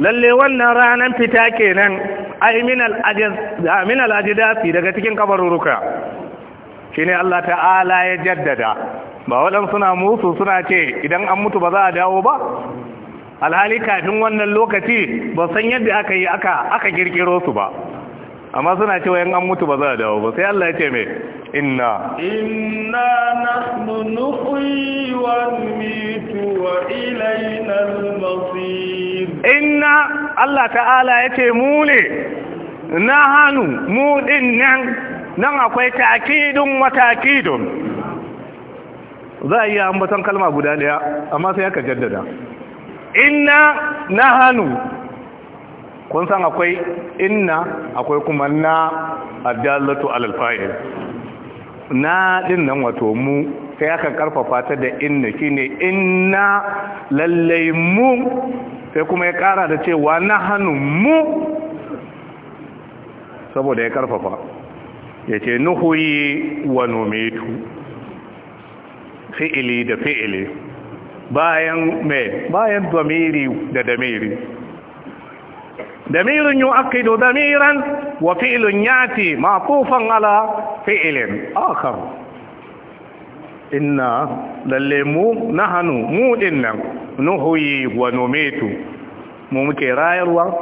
lalle wannan ranan fita kenan ai min al ajiz ajdasi daga cikin kabaruruka shine Allah ta'ala ya jaddada ba wadan suna musu suna ce idan an mutu ba za a dawo ba alhali kafin wannan lokaci ba san yadda aka yi aka aka su ba amma suna cewa yan an mutu ba za a dawo ba sai Allah ya ce me inna inna nahnu nuhyi wa numitu wa ilayna al-masir inna Allah ta'ala ya ce mu ne nahanu mu din nan nan akwai ta'kidun wa ta'kidun za a iya ambaton kalma guda daya amma sai aka jaddada inna nahanu kun san akwai inna akwai kuma na addallatu alal na din nan wato mu sai aka karfafa ta da inna shine inna lallai mu sai kuma ya kara da cewa na hannun mu saboda ya karfafa ya ce nuhuyi wa numetu fi'ili da fi'ili bayan me bayan damiri da damiri ضمير يؤكد do damiran, يأتي معطوفا على فعل آخر إنا للمو نحن مو إنا نهوي ونميت mu muke rayarwa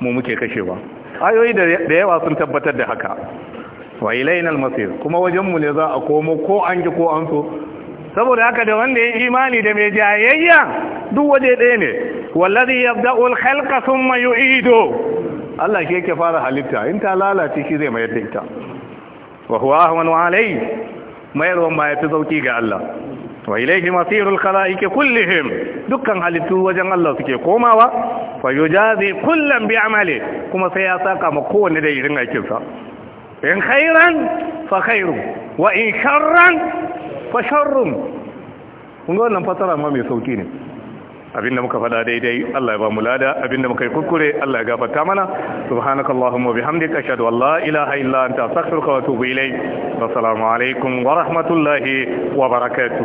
mu muke kashewa ayoyi da yawa sun tabbatar da haka wa ilaina almasir kuma wajen mu ne za a komo ko an ko anso. saboda haka da wanda ya imani da mai jayayya duk waje ɗaya ne wallazi yabda'u al-khalqa thumma yu'idu Allah shi yake fara halitta in ta lalace shi zai mayar da ita wa huwa ahwanu alai mayar wa ma yafi sauki ga Allah wa ilaihi masirul khalaiqi kullihim dukkan halittu wajen Allah suke komawa fa yujazi kullam bi amali kuma sai ya saka ma kowanne da irin aikinsa in khairan fa khairu wa in sharran fasharrun kunga wannan fasara ma mai sauki ne abinda muka fada daidai Allah ya ba mu lada abinda muka yi kuskure Allah ya gafarta mana subhanakallahumma bihamdika ashhadu an la ilaha illa anta astaghfiruka wa atubu ilayk assalamu alaikum wa rahmatullahi wa barakatuh